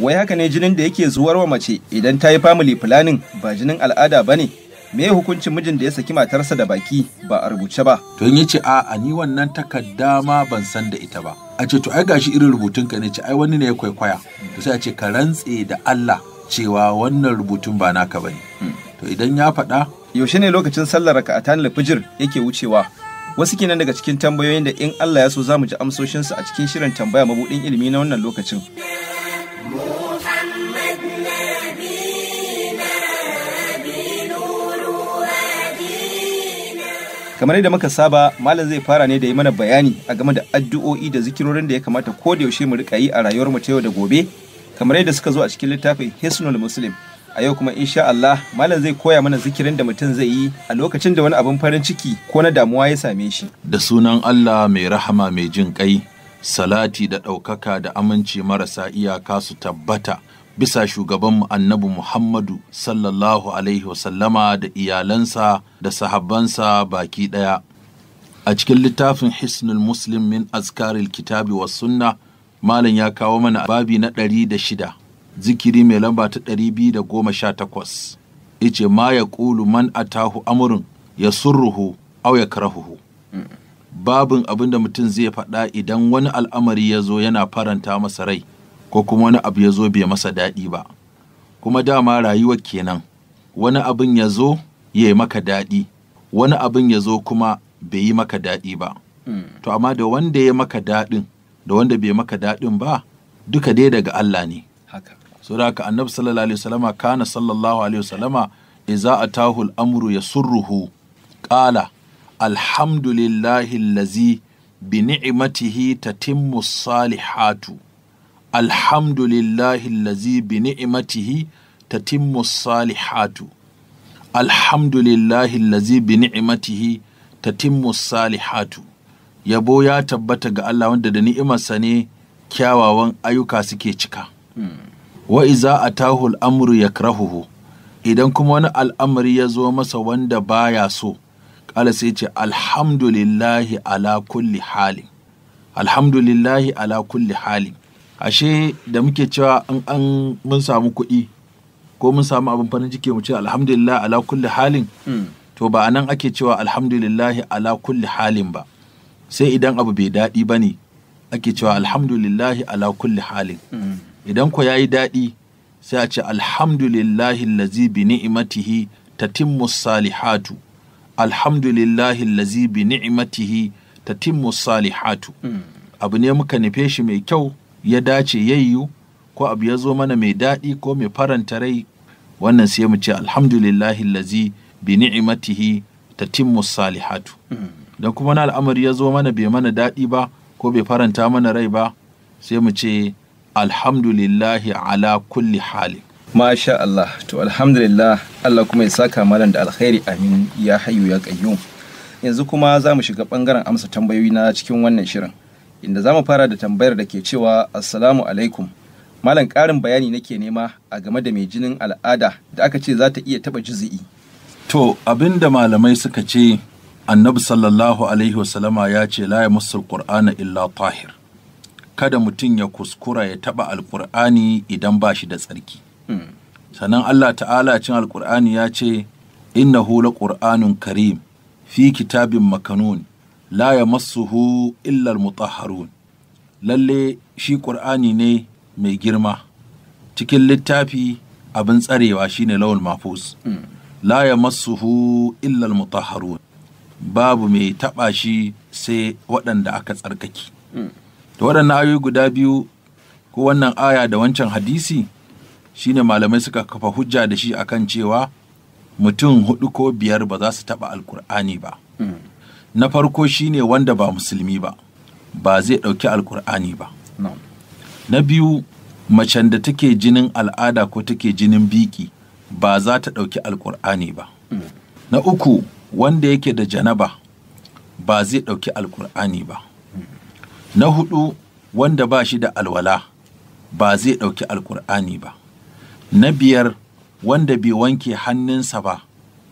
Wai haka ne jinin da yake zuwar wa mace idan ta yi family planning ba jinin al'ada ba ne? Me hukuncin mijin da ya saki matarsa da baki ba a rubuce ba? To in ce a ni wannan takadda ma ban san da ita ba. A ce to ai gashi irin rubutun ka ne ce ai wani ne ya kwaikwaya. To sai a ce ka rantse da Allah cewa wannan rubutun ba naka ba ne. Hmm. To idan ya faɗa yaushe ne lokacin sallar na fijir yake wucewa wasu kenan daga cikin tambayoyin da in Allah ya so za mu ji amsoshinsu a cikin shirin tambaya mabudin ilimi na wannan lokacin. kamar yadda muka saba malam zai fara ne da yi mana bayani a game da addu'o'i da zikirorin da ya kamata ko da yaushe mu rika yi a rayuwar mu ta yau da gobe kamar yadda suka zo a cikin littafin Hisnul Muslim a yau kuma insha Allah malam zai koya mana zikirin da mutum zai yi a lokacin da wani abin farin ciki ko na damuwa ya same shi da sunan Allah mai rahama mai jin kai salati da ɗaukaka da aminci marasa iyaka su tabbata bisa shugabanmu annabi Muhammadu sallallahu alaihi wasallama da iyalansa da sahabbansa baki ɗaya. A cikin littafin Hisnul Muslim min azkaril kitabi wa sunna, Malam ya kawo mana babi na ɗari da shida. zikiri mai lamba ta ɗari biyu da goma sha takwas. Ice ma ya ƙulu man atahu amurin ya surruhu au ya karahuhu. Babin abin da mutum zai faɗa idan wani al'amari ya zo yana faranta masa rai ko kuma wani abu ya zo bai masa daɗi ba. Kuma dama rayuwa kenan wani abin ya zo ya yi maka daɗi wani abin ya zo kuma bai yi maka daɗi ba. To amma da wanda ya maka daɗin da wanda bai maka daɗin ba duka dai daga Allah ne. saboda haka annabi sallallahu alaihi wasallama kana sallallahu alaihi wasallama idza atahu al-amru yasurruhu qala alhamdulillahi allazi bi ni'matihi tatimmu salihatu alhamdulillahi allazi bi ni'matihi tatimmu salihatu alhamdulillahi allazi bi ni'matihi tatimmu salihatu yabo ya tabbata ga Allah wanda da ni'imarsa ne kyawawan ayyuka suke cika hmm. wa iza amru ya krahuhu idan kuma wani al'amari ya zo masa wanda baya so ƙala sai ce alhamdulillahi ala kulli halin alhamdulillahi ala kulli halin ashe da muke cewa an mun samu kuɗi ko mun samu abin farin ciki mu ce alhamdulillahi ala kulli halin hmm. to ba anan ake cewa alhamdulillahi ala kulli halin ba sai idan abu bai daɗi ba ne ake cewa alhamdulillahi ala kulli halin hmm. idan ko yi daɗi sai a ce alhamdulillahi lazi bi ni'imatihi tatimmu salihatu alhamdulillahi lazi bi ni'imatihi tatimmu salihatu hmm. abu ne muka nufe shi mai kyau ya dace yayyu ko abu ya zo mana mai daɗi ko mai faranta rai wannan sai mu ce alhamdulillahi lazi bi ni'imatihi tatimmu salihatu hmm. don kuma na al'amari ya zo mana bai mana daɗi ba ko bai faranta mana rai ba sai mu ce alhamdulillahi ala kulli halin Masha Allah, to alhamdulillah Allah kuma ya saka malam da alkhairi amin ya hayu ya kayyum. Yanzu kuma za mu shiga bangaren amsa tambayoyi na cikin wannan shirin, inda za mu fara da tambayar da ke cewa Assalamu alaikum. Malam ƙarin bayani nake nema a game da mai jinin al'ada da aka ce za ta iya taɓa jizi'i. To abin da malamai suka ce annabi sallallahu alaihi wasallama ya ce la ya musul qur'ana illa tahir kada mutum ya kuskura ya taɓa alkur'ani idan ba shi da tsarki hmm. sannan allah ta'ala cin alkur'ani ya ce inna hula ƙur'anun karim fi kitabin makanun la ya illar illal mutahharun lalle shi ƙur'ani ne mai girma cikin littafi abin tsarewa shine lawan mafus Laya hmm. la ya massuhu illal mutahharun babu mai taɓa shi sai waɗanda aka tsarkake mm. da waɗannan ayoyi guda biyu ko wannan aya da wancan hadisi shine malamai suka kafa hujja da shi akan cewa mutum hudu ko biyar ba za su taɓa alkur'ani ba na farko shine wanda ba musulmi ba ba zai ɗauki alkur'ani ba na biyu macen da take jinin al'ada ko take jinin biki ba za ta ɗauki alkur'ani ba mm. na uku wanda yake da janaba ba zai ɗauki alkur'ani ba Na hudu wanda ba shi da alwala ba zai ɗauki alkur'ani ba. Na biyar wanda bai wanke hannunsa ba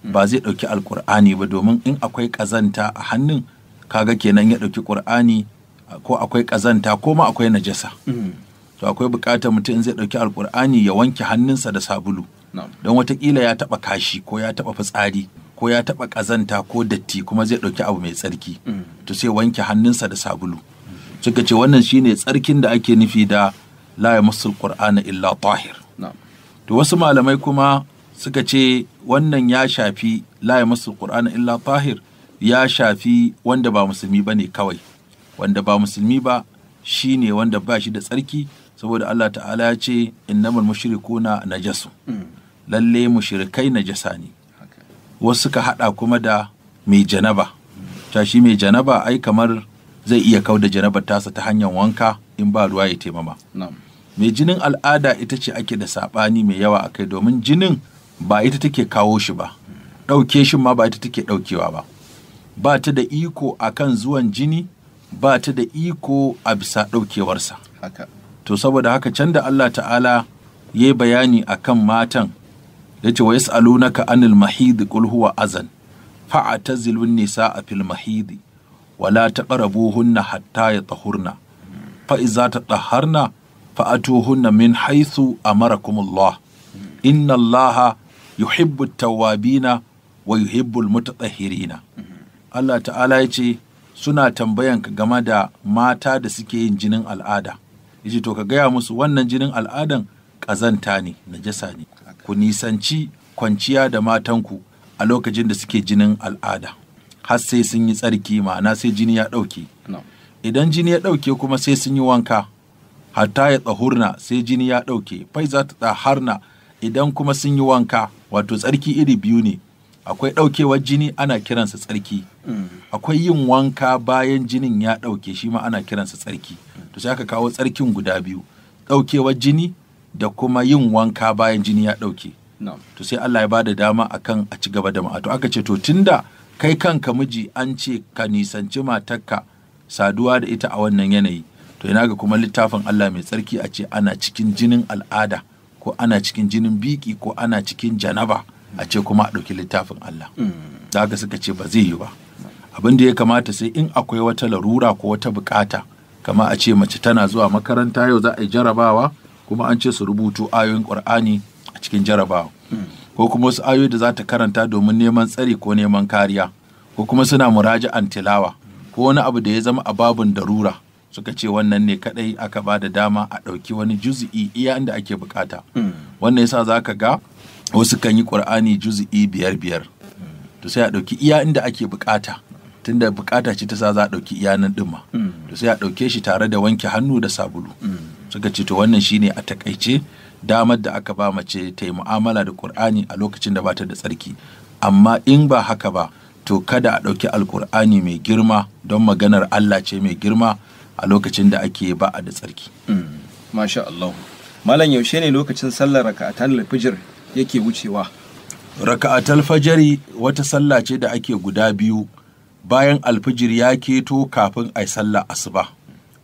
ba zai ɗauki alkur'ani ba domin in akwai ƙazanta a hannun kaga kenan ya ɗauki ƙur'ani ko akwai ƙazanta ko ma akwai najasa. To akwai buƙatar mutum in zai ɗauki alkur'ani ya wanke hannunsa da sabulu. Don watakila ya taɓa kashi ko ya taɓa fitsari. ko ya taɓa ƙazanta ko datti kuma zai ɗauki abu mai tsarki mm. to sai wanke hannunsa da sabulu suka ce wannan shine tsarkin da ake nufi da la yamassul qur'ana illa tahir to wasu malamai kuma suka ce wannan ya shafi la yamassul qur'ana illa tahir ya shafi wanda ba musulmi bane kawai wanda ba musulmi ba shine wanda ba shi da tsarki saboda Allah ta'ala ya ce innamal na najasu mm. lalle mushrikai najasa ne wasu suka hada kuma da mai janaba shi mai janaba ai kamar zai iya kau da jarabar tasa ta hanyar wanka in ba ruwa ya taimama. Mai jinin al'ada ita ce ake da saɓani mai yawa a kai domin jinin ba ita take kawo shi ba, ɗauke shi ma ba ita take ɗaukewa ba. Ba ta da iko a kan zuwan jini, ba ta da iko a bisa ɗaukewarsa. To saboda haka can da Allah ta'ala ya bayani a kan matan, ya ce wa yas'alunaka anil mahidi qul huwa azan fa'atazilun nisa a fil mahidi wala hunna hatta yatahurna fa iza tataharna fa hunna min haythu amarakumullah inna allaha yuhibbu at-tawwabina wa yuhibbu al-mutatahhirina Allah ta'ala ya ce suna tambayan ka game da mata da suke yin jinin al'ada yace to ka gaya musu wannan jinin al'adan ƙazanta ne najasa ne ku nisanci kwanciya da matanku a lokacin da suke jinin al'ada har sai sun yi tsarki ma'ana sai jini ya ɗauke idan jini ya ɗauke kuma sai sun yi wanka hatta ya tsahurna sai jini ya ɗauke fai za ta tsaharna idan kuma sun yi wanka wato tsarki iri biyu ne akwai ɗaukewar jini ana kiransa tsarki mm. akwai yin wanka bayan jinin ya ɗauke shi ma ana kiransa tsarki to sai aka kawo tsarkin guda biyu ɗaukewar jini da kuma yin wanka bayan jini ya ɗauke to sai Allah ya ba da dama akan a ci gaba da ma'a to aka ce to tunda kai kanka miji an ce ka nisanci matarka saduwa da ita a wannan yanayi to ina ga kuma littafin Allah mai tsarki a ce ana cikin jinin al'ada ko ana cikin jinin biki ko ana cikin janaba a ce kuma a ɗauki littafin Allah hmm. za ka suka ce ba zai yi ba abin da ya kamata sai in akwai wata larura ko wata bukata kama a ce mace tana zuwa makaranta yau za a yi jarabawa kuma an ce su rubutu ayoyin ƙur'ani a cikin jarabawa hmm. ko kuma wasu ayoyi da za ta karanta domin neman tsari ko neman kariya ko kuma suna an tilawa ko wani abu da ya zama a babun darura suka ce wannan ne kadai aka ba da dama a ɗauki wani juzi'i iya inda ake bukata hmm. wannan yasa za ka ga wasu kan yi ƙur'ani juzi'i biyar biyar hmm. to sai a ɗauki iya inda ake bukata tunda bukata ce ta sa za a ɗauki iya nan ɗin hmm. to sai a ɗauke shi tare da wanke hannu da sabulu suka ce to wannan shine a takaice damar da aka ba mace ta yi mu'amala da Ƙur'ani a lokacin da bata da tsarki. Amma in ba haka ba, to kada a ɗauki Alƙur'ani mai girma don maganar Allah ce mai girma a lokacin da ake ba a da tsarki. Hmm, masha Allah. Malam yaushe ne lokacin sallar raka'atan alfijir yake wucewa? Raka'atan fajari wata sallah ce da ake guda biyu bayan alfijir ya keto kafin a sallah asuba.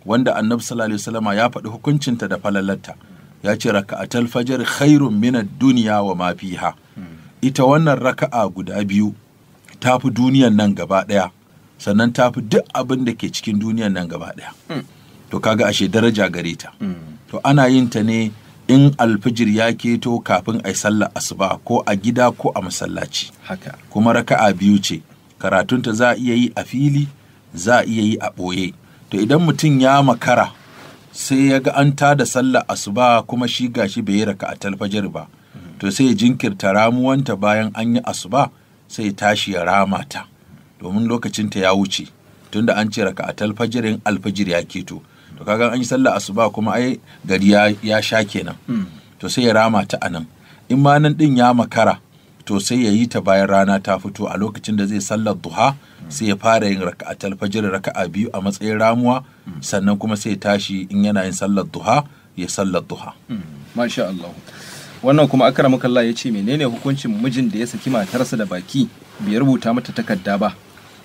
wanda annabi sallallahu alaihi ya faɗi hukuncinta da falalarta. ya ce raka'atul fajar khairun minad duniya wa ma fiha ita wannan raka'a guda biyu tafi duniyan nan gaba daya sannan tafi duk abin da ke cikin duniyan nan gaba daya to kaga ashe daraja gare ta to ana yin ta ne in alfijir ya keto kafin a sallar asuba ko a gida ko a masallaci kuma raka'a biyu ce karatunta za a iya yi a fili za a iya yi a ɓoye to idan mutum ya makara sai ya ga an da sallar asuba kuma shi gashi bai yi raka a talfajar ba to sai ya jinkirta ramuwanta bayan an yi asuba sai ya tashi ya rama ta domin lokacinta ya wuce tunda an ce raka raka'atul yin alfajir ya keto to kaga an yi sallar asuba kuma ai gari ya, ya sha kenan hmm. to sai ya rama ta anan in ma nan din ya makara to sai ya yi ta bayan rana ta fito a lokacin da zai sallar duha sai ya fara yin raka'atul fajr raka'a biyu a matsayin ramuwa sannan kuma sai tashi in yana yin sallar duha ya sallar duha masha Allah wannan kuma akramaka Allah ya ce menene hukuncin mijin da ya saki matarsa da baki bai rubuta mata takarda ba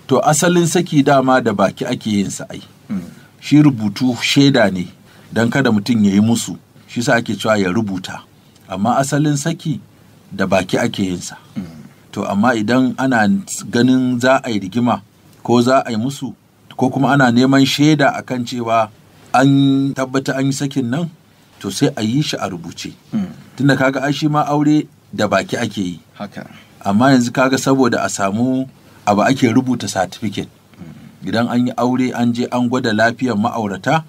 to asalin saki dama da baki ake yin sa ai hmm. shi rubutu shaida ne don kada mutum ya yi musu shi sa ake cewa ya rubuta amma asalin saki da baki ake yinsa. Mm. to amma idan ana ganin za a yi rigima ko za a yi musu ko kuma ana neman shaida akan cewa an tabbata an yi sakin nan to sai a yi shi a rubuce hmm. tunda kaga ai shi ma aure da baki ake yi amma yanzu kaga saboda a samu abu ake rubuta satifiket idan an yi aure an je an gwada lafiyar ma'aurata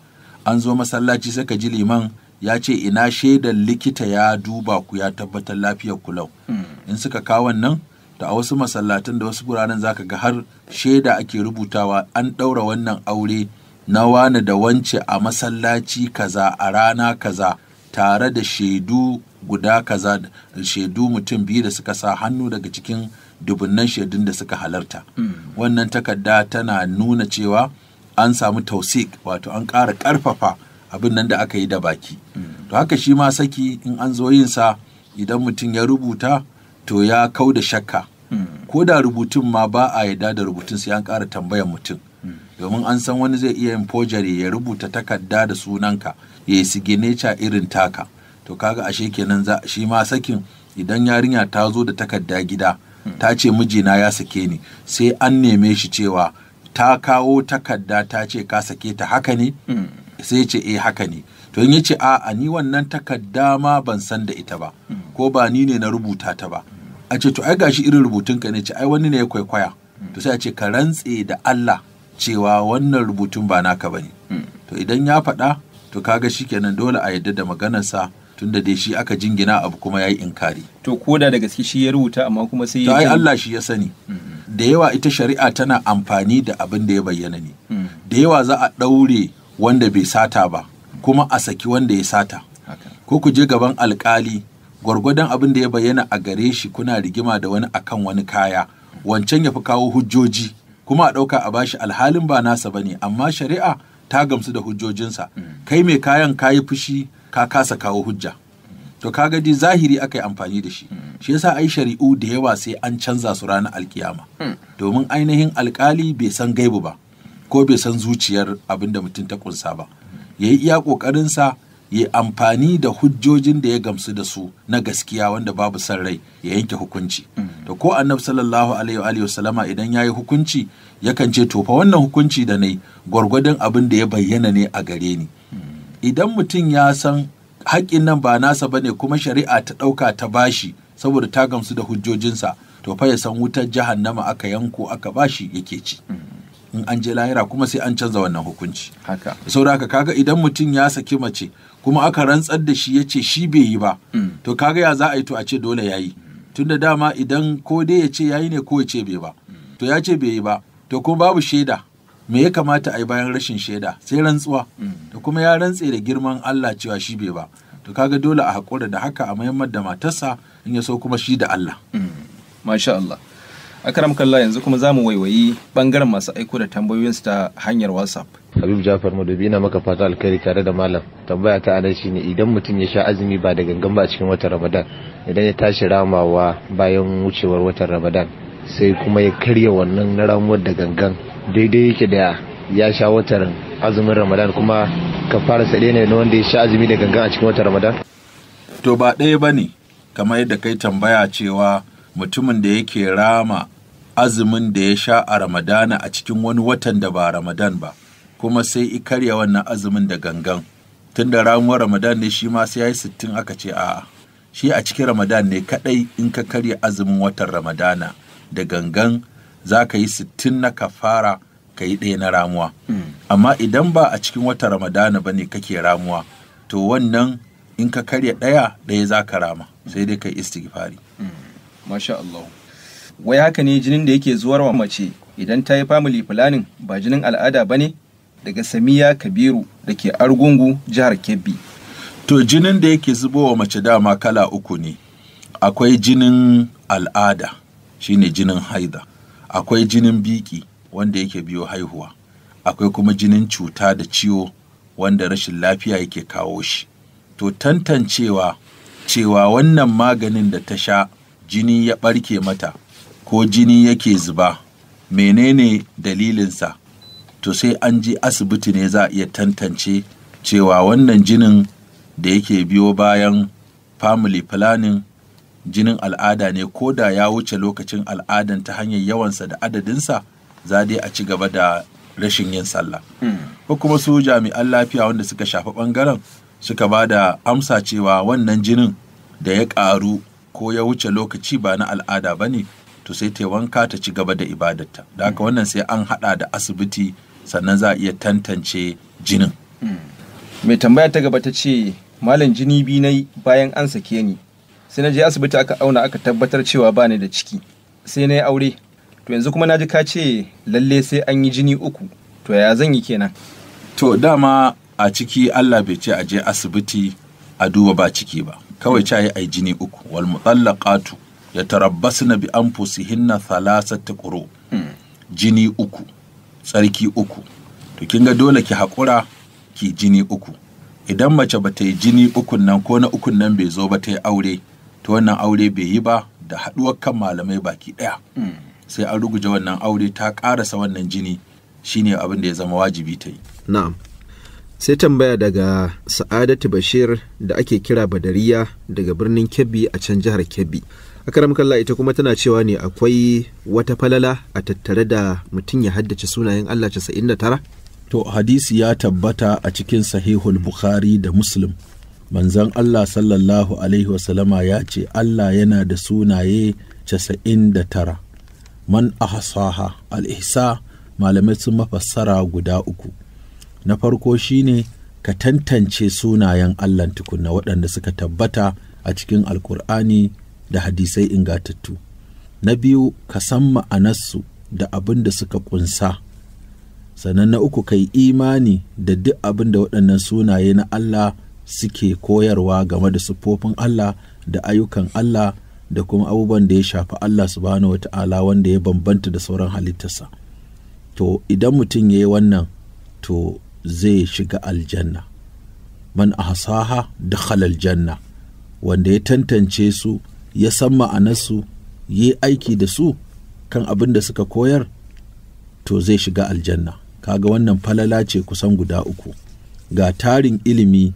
an zo masallaci saka ji liman ya ce ina shaidar likita ya duba ku ya tabbatar lafiyar kulau hmm. in suka kawo nan da a wasu masallatan da wasu guraren zaka ga har shaida ake rubutawa an ɗaura wannan aure na wani da wance a masallaci kaza a rana kaza tare da shaidu guda kaza shaidu mutum biyu da suka sa hannu daga cikin dubunnan shaidun da suka halarta hmm. wannan takarda tana nuna cewa an samu tausik wato an ƙara ƙarfafa abin nan da aka yi da baki mm. to haka shi ma saki in an zo yin sa idan mutum ya rubuta to ya kau da shakka mm. ko da rubutun ma ba a yarda da rubutun sai an ƙara tambayan mutum mm. domin an san wani zai iya yin forgery ya rubuta takarda da sunanka ya yi sigineca irin taka to kaga ashe kenan za shi ma sakin idan yarinya ta zo da takarda gida ta ce mijina ya sake ni sai an neme shi cewa ta kawo takarda ta ce ka sake ta haka ne sai ya ce eh haka ne to in ya ce a ni wannan takarda ma ban san da ita ba ko ba ni ne na rubuta ta ba a ce to ai gashi irin rubutunka ne ce ai wani ne ya kwaikwaya to sai a ce ka rantse da Allah cewa wannan rubutun ba naka bane to idan ya faɗa to kaga shikenan dole a yadda da maganarsa tunda dai shi aka jingina abu kuma yayi inkari to koda da gaske shi ya rubuta amma kuma sai ya ai Allah shi ya sani da yawa ita shari'a tana amfani da abin da ya bayyana ne hmm. da yawa za a ɗaure wanda bai sata ba kuma a saki wanda ya sata ko ku je gaban alkali gwargwadon abin da ya bayyana a gare shi kuna rigima da wani a kan wani kaya wancan ya fi kawo hujjoji kuma a ɗauka a bashi alhalin ba nasa bane amma shari'a ta gamsu da hujjojinsa mm. kai mai kayan kayi fushi ka kasa kawo hujja to ka gaji zahiri aka yi amfani da shi mm. shi yasa ai shari'u da yawa sai an canza su ranar alkiyama mm. domin ainihin alkali bai san gaibu ba ko bai san zuciyar abin da mutum ta kunsa ba ya yi iya ƙoƙarinsa ya amfani da hujjojin da ya gamsu da su na gaskiya wanda babu san rai ya yanke hukunci da mm. ko annabi sallallahu alaihi wa sallama idan ya yi hukunci yakan ce tofa wannan hukunci da nayi gwargwadon abin da ya bayyana ne a gare ni mm. idan mutum ya san haƙƙin nan ba nasa ba ne kuma shari'a ta ɗauka ta bashi saboda ta gamsu da hujjojinsa to fa ya san wutar jahannama aka yanko aka bashi yake ci mm. in an je lahira kuma sai an canza wannan hukunci haka saboda haka kaga idan mutum ya saki mace kuma aka rantsar da shi ya ce shi bai yi ba mm. to kaga ya za a yi to a ce dole ya yi yayi mm. da dama idan ko dai ya ce yayi ne ko ya ce bai ba mm. to ya ce bai yi ba to kuma babu shaida me ya kamata a yi bayan rashin shaida sai rantsuwa da kuma ya rantse da girman Allah cewa shi bai ba to kaga dole a haƙura da haka a mayammar da matarsa in ya so kuma shi da Allah masha Allah akaram kalla yanzu kuma za mu waiwayi bangaren masu aiko da tambayoyinsu ta hanyar whatsapp habib jafar madobi ina maka fata alkhairi tare da malam tambaya ta anan shine idan mutum ya sha azumi ba da gangan ba cikin watan ramadan idan ya tashi ramawa bayan wucewar watan ramadan sai kuma ya karya wannan na ramuwar da gangan daidai yake da ya sha watan azumin ramadan kuma ka fara sade ne na wanda ya sha azumi da gangan a cikin watan ramadan to ba ɗaya ba ne kamar yadda kai tambaya cewa mutumin da yake rama azumin da ya sha a ramadana a cikin wani watan da ba ramadan ba kuma sai i karya wannan azumin da gangan tun da ramuwar ramadan ne shi ma sai ya yi sittin aka ce a'a shi a cikin ramadan ne kaɗai in ka karya azumin watan ramadana da gangan za ka yi sittin na kafara ka yi ɗaya na ramuwa hmm. amma idan ba a cikin watan ramadana ba ne kake ramuwa to wannan in ka karya ɗaya ɗaya za ka rama sai dai ka yi istighfari hmm. masha Allah wai haka ne jinin da yake zuwar wa mace idan ta yi family planning ba jinin al'ada ba ne daga samiya kabiru da ke argungu jihar kebbi to jinin da yake zubo wa mace dama kala uku ne akwai jinin al'ada shine jinin haida akwai jinin biki wanda yake biyo haihuwa akwai kuma jinin cuta da ciwo wanda rashin lafiya yake kawo shi to tantancewa cewa wannan maganin da ta sha jini ya ɓarke mata ko jini yake zuba menene dalilinsa to sai an ji asibiti ne za a iya tantance cewa wannan jinin da yake biyo bayan family planning jinin al'ada ne ko da ya wuce lokacin al'adan ta hanyar yawansa da adadinsa za dai a ci gaba da rashin yin sallah ko kuma su jami'an lafiya wanda suka shafi bangaren suka ba da amsa cewa wannan jinin da ya ƙaru ko ya wuce lokaci ba na al'ada ba ne to sai ta wanka ta ci gaba da ibadarta da haka wannan sai an haɗa da asibiti sannan za a iya tantance jinin mai tambaya ta gaba ta ce malam jini bi na bayan an sake ni sai na je asibiti aka auna aka tabbatar cewa ba ni da ciki sai na yi aure to yanzu kuma na ji ka ce lalle sai an yi jini uku to ya zan yi kenan to dama a ciki Allah bai ce a je asibiti a duba ba ciki ba kawai a yi jini uku wal tu. ya tarabbasu na bi an fusihinna thalasata ƙuro jini uku tsarki uku to kin ga dole ki haƙura ki jini uku idan mace ba ta yi jini ukun nan ko na ukun nan bai zo ba ta yi aure to wannan aure bai yi ba da haɗuwar kan malamai baki ɗaya sai an ruguje wannan aure ta ƙarasa wannan jini shine abin da ya zama wajibi ta yi na'am sai tambaya daga sa'adatu bashir da ake kira badariya daga birnin kebbi a can jihar kebbi a akaram kalla ita kuma tana cewa ne akwai wata falala a tattare da mutum ya haddace sunayen Allah 99 to hadisi ya tabbata a cikin sahihul bukhari da muslim manzon Allah sallallahu alaihi wasallama ya ce Allah yana da sunaye 99 man a al al'isa malamai sun mafassara guda uku na farko shine ka tantance sunayen Allah tukunna waɗanda suka tabbata a cikin alkur'ani da hadisai ingatattu na biyu ka san ma'anarsu da abin da suka ƙunsa sannan na uku ka yi imani da duk abin da waɗannan sunaye na Allah suke koyarwa game da siffofin Allah da ayyukan Allah da kuma abubuwan da ya shafi Allah su subhanahu wata'ala wanda ya bambanta da sauran halittarsa to idan mutum ya yi wannan to zai shiga aljanna man a hasaha da halal janna wanda ya tantance su ya san ma'anarsu ya yi aiki da su kan abin da suka koyar to zai shiga aljanna kaga wannan falala ce kusan guda uku ga tarin ilimi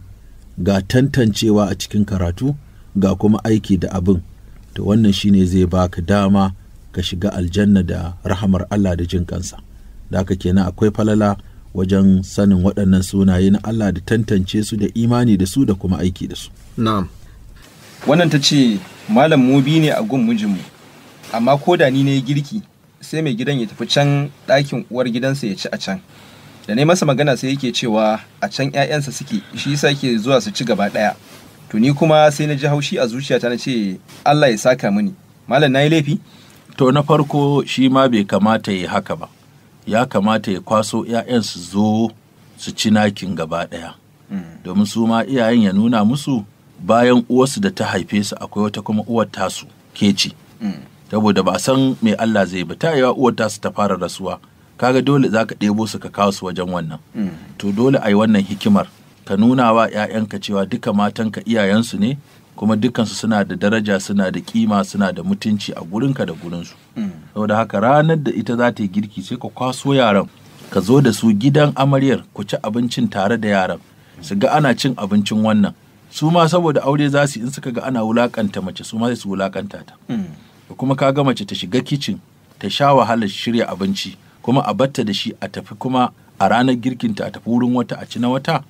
ga tantancewa a cikin karatu ga kuma aiki da abin to wannan shine zai baka dama ka shiga aljanna da rahamar Allah da jin kansa da haka kenan akwai falala wajen sanin waɗannan sunaye na Allah da tantance su da imani da su da kuma aiki da su wannan ta ce malam mu bi ne a gun mijinmu amma ko da ni ne girki sai mai gidan ya tafi can ɗakin uwar gidansa ya ci a can da ne masa magana sai yake cewa a can 'ya'yansa suke shi yasa ke zuwa su ci gaba ɗaya to ni kuma sai na ji haushi a zuciyata na ce Allah ya saka mini malam na yi laifi to na farko shi ma bai kamata ya haka ba ya kamata ya kwaso 'ya'yan su zo su ci nakin gaba ɗaya hmm. domin su ma iyayen ya nuna musu bayan uwarsu da ta haife su akwai wata kuma uwar tasu ke ci saboda ba san me Allah zai ba ta yawa uwar tasu ta fara rasuwa kaga dole za ka ɗebo su ka kawo su wajen wannan to dole a yi wannan hikimar ka nuna wa 'ya'yanka cewa duka matanka iyayensu ne kuma dukansu suna da daraja suna da kima suna da mutunci a gurinka da gurinsu saboda haka ranar da ita za ta yi girki sai ka kwaso yaran ka zo da su gidan amaryar ku ci abincin tare da yaran su ga ana cin abincin wannan su ma saboda aure za su in suka ga ana wulakanta mace su ma su wulakanta ta hmm. da kuma ka ga mace ta shiga kicin ta sha wahalar shirya abinci kuma a batta da shi a tafi kuma a ranar ta a tafi wurin wata a ci na wata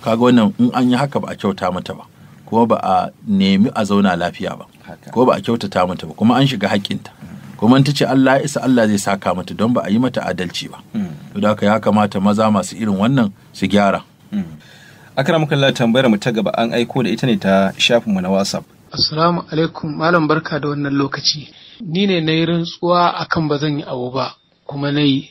kaga wannan in an yi haka ba a kyauta mata ba kuma ba a nemi a zauna lafiya ba ko ba a kyautata mata ba kuma an shiga haƙƙinta kuma ta ce Allah ya isa Allah zai saka mata don ba a yi mata adalci ba hmm. to da ya kamata maza masu irin wannan su gyara hmm. muka lalata tambayar mu ta gaba an aiko da ita ne ta shafin mu na whatsapp assalamu alaikum malam barka da wannan lokaci ni ne nayi rantsuwa akan ba zan yi abu ba kuma nayi.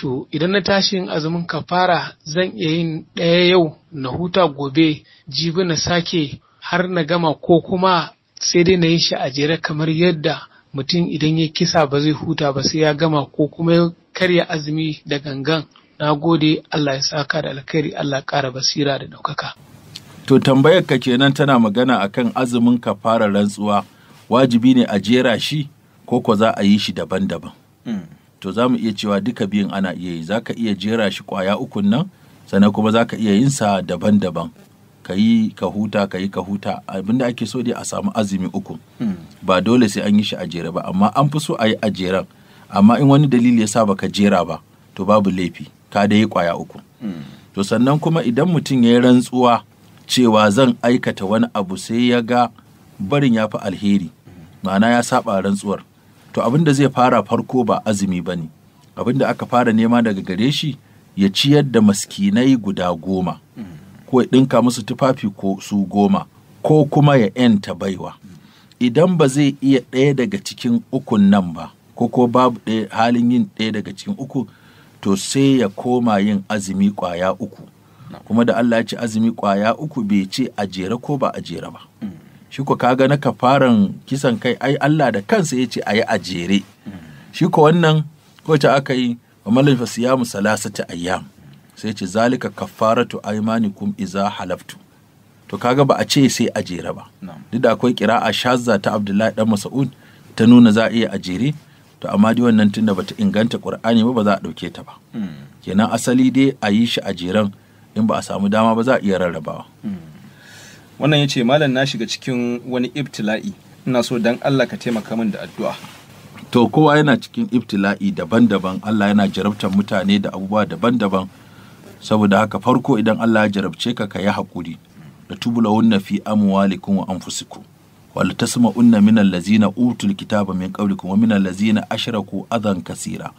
to idan na tashi yin azumin kafara zan iya yin ɗaya yau na huta gobe jibi na sake har na gama ko kuma sai dai na yi shi a jere kamar yadda mutum idan ya kisa ba zai huta ba sai ya gama ko kuma ya karya azumi da gangan na gode Allah ya saka da alkhairi Allah ƙara basira da ɗaukaka. To tambayar ka kenan tana magana akan azumin ka fara rantsuwa wajibi ne a jera shi ko ko za a yi shi daban-daban. Hmm. To za mu iya cewa duka biyun ana iya yi za ka iya jera shi kwaya ukun nan sannan kuma za ka iya yin sa daban-daban. ka yi ka huta ka yi ka huta abinda ake so dai a samu azumi uku hmm. ba dole sai an yi shi a jera ba amma an fi so a yi a jeran. amma in wani dalili ya sa baka jera ba to babu laifi ka dai kwaya uku hmm. to sannan kuma idan mutum ya yi rantsuwa cewa zan aikata wani abu sai ya ga barin ya fi alheri ma'ana ya saba rantsuwar to abin da zai fara farko ba azumi ba ne abin da aka fara nema daga gare shi ya ciyar da maskinai guda goma ko ya ɗinka musu tufafi ko su goma ko kuma ya ‘yanta baiwa idan ba zai iya ɗaya daga cikin ukun nan ba ko ko babu halin yin ɗaya daga cikin uku to sai ya koma yin azumi kwaya uku kuma da Allah ya ce azumi kwaya uku bai ce a jere ko ba a jere ba mm. shi ko kaga na kafaran kisan kai ai Allah da kansa ya ce ayi a jere mm. shi ko wannan ko ta aka yi wa malafa siyamu salasata ayyam sai ce zalika kafaratu aymanikum iza halaftu to kaga ba a ce sai a jere ba duk da akwai kira'a shazza ta Abdullahi dan Mas'ud ta nuna za a iya a jere to amma dai wannan tunda bata inganta qur'ani ba ba za a ɗauke ta ba kenan asali dai a yi shi a jeran in ba a samu dama ba za a iya rarrabawa wannan ya ce malam na shiga cikin wani ibtila'i ina so dan Allah ka taimaka min da addu'a to kowa yana cikin ibtila'i daban-daban Allah yana jarabtar mutane da abubuwa daban-daban saboda haka farko idan Allah ya jarabce ka ka yi haƙuri da tubula wunna fi amwalikum wa anfusikum wala tasma'unna min allazina utul kitaba min qablikum wa min allazina ashraku adan kasira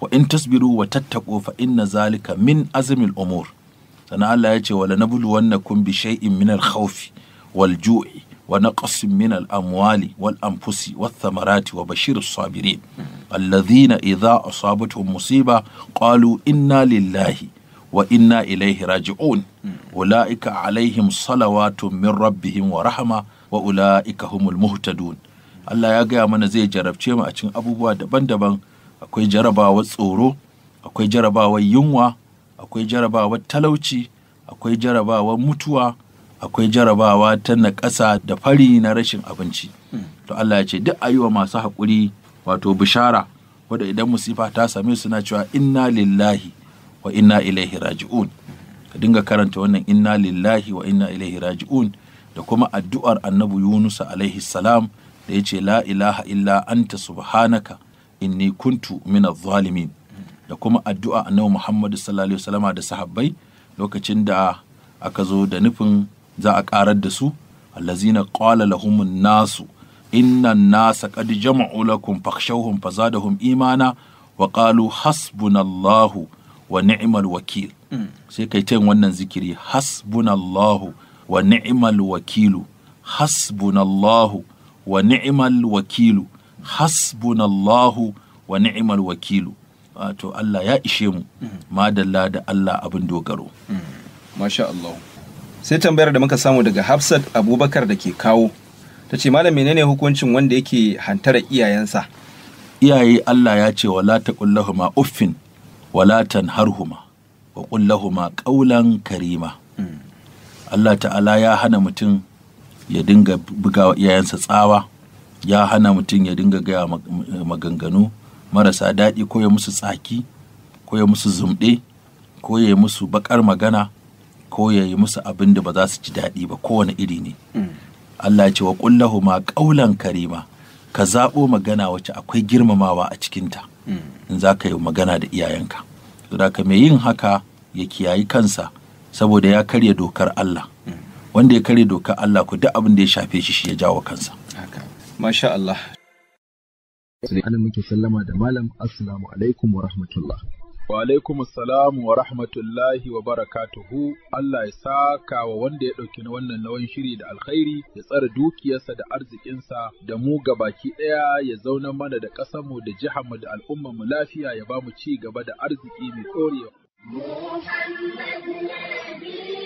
wa in tasbiru wa tattaqu fa inna zalika min azmil umur sannan Allah ya ce wala nabluwannakum bi shay'in min al-khawfi wal ju'i wa naqsin min al-amwali wal anfusi wath thamarati wa bashir as-sabirin allazina idha asabatuhum musiba qalu inna lillahi wa inna ilaihi raji'un ulaika alaihim salawatun min rabbihim wa rahma wa ula'ika humul muhtadun Allah ya gaya mana zai jarabce mu a cikin abubuwa daban-daban akwai jarabawar tsoro akwai jarabawar yunwa akwai jarabawar talauci akwai jarabawar mutuwa akwai jarabawa ta naƙasa da fari na rashin abinci to Allah ya ce duk wa masu haƙuri wato bishara wadda idan musifa ta same suna cewa inna lillahi wa inna ilaihi raji'un ka dinga karanta wannan inna lillahi wa inna ilaihi raji'un da kuma addu'ar annabi Yunus alaihi salam da ya ce la ilaha illa anta subhanaka inni kuntu min zalimin da kuma addu'a annabi Muhammadu sallallahu alaihi da sahabbai lokacin da aka zo da nufin za a karar da su allazina qala lahum nasu inna nasa qad jama'u lakum fakhshawhum fazadahum imana wa qalu hasbunallahu wa ni'mal wakil mm. sai kai ta wannan zikiri hasbunallahu wa ni'mal wakilu hasbunallahu wa ni'mal wakilu hasbunallahu wa ni'mal wakilu wato ah, Allah ya ishe mu madalla da Allah abin dogaro hmm. masha Allah sai tambayar da muka samu daga Hafsat Abubakar da ke kawo ta ce malam menene hukuncin wanda yake hantara iyayensa iyaye Allah ya ce wala taqullahuma uffin wala tanharhuma wa qul qawlan karima hmm. Allah ta'ala ya hana mutum ya dinga bugawa iyayensa tsawa ya hana mutum ya dinga gaya maganganu marasa daɗi ko ya musu tsaki ko ya musu zumɗe ko ya yi musu bakar magana ko ya yi musu abin da ba za su ci daɗi ba kowane iri ne mm. Allah ce wa kullahu ma ƙaulan karima ka zaɓo magana wacce akwai girmamawa a cikinta mm. in za ka yi magana da iyayenka. Saboda ka mai yin haka ya kiyayi kansa saboda ya karya dokar Allah wanda ya karya dokar Allah ku duk abin da ya shafe shi shi ya jawo kansa masha Allah ana muke sallama da malam assalamu alaikum wa rahmatullah wa alaikum assalamu wa rahmatullahi wa barakatuhu Allah ya saka wa wanda ya ɗauki na wannan nawan shiri da alkhairi ya tsara dukiyarsa da arzikinsa da mu ga baki ɗaya ya zauna mana da ƙasarmu da mu da al'ummarmu lafiya ya ba mu ci gaba da arziki mai ɗorewa 我生命的彼。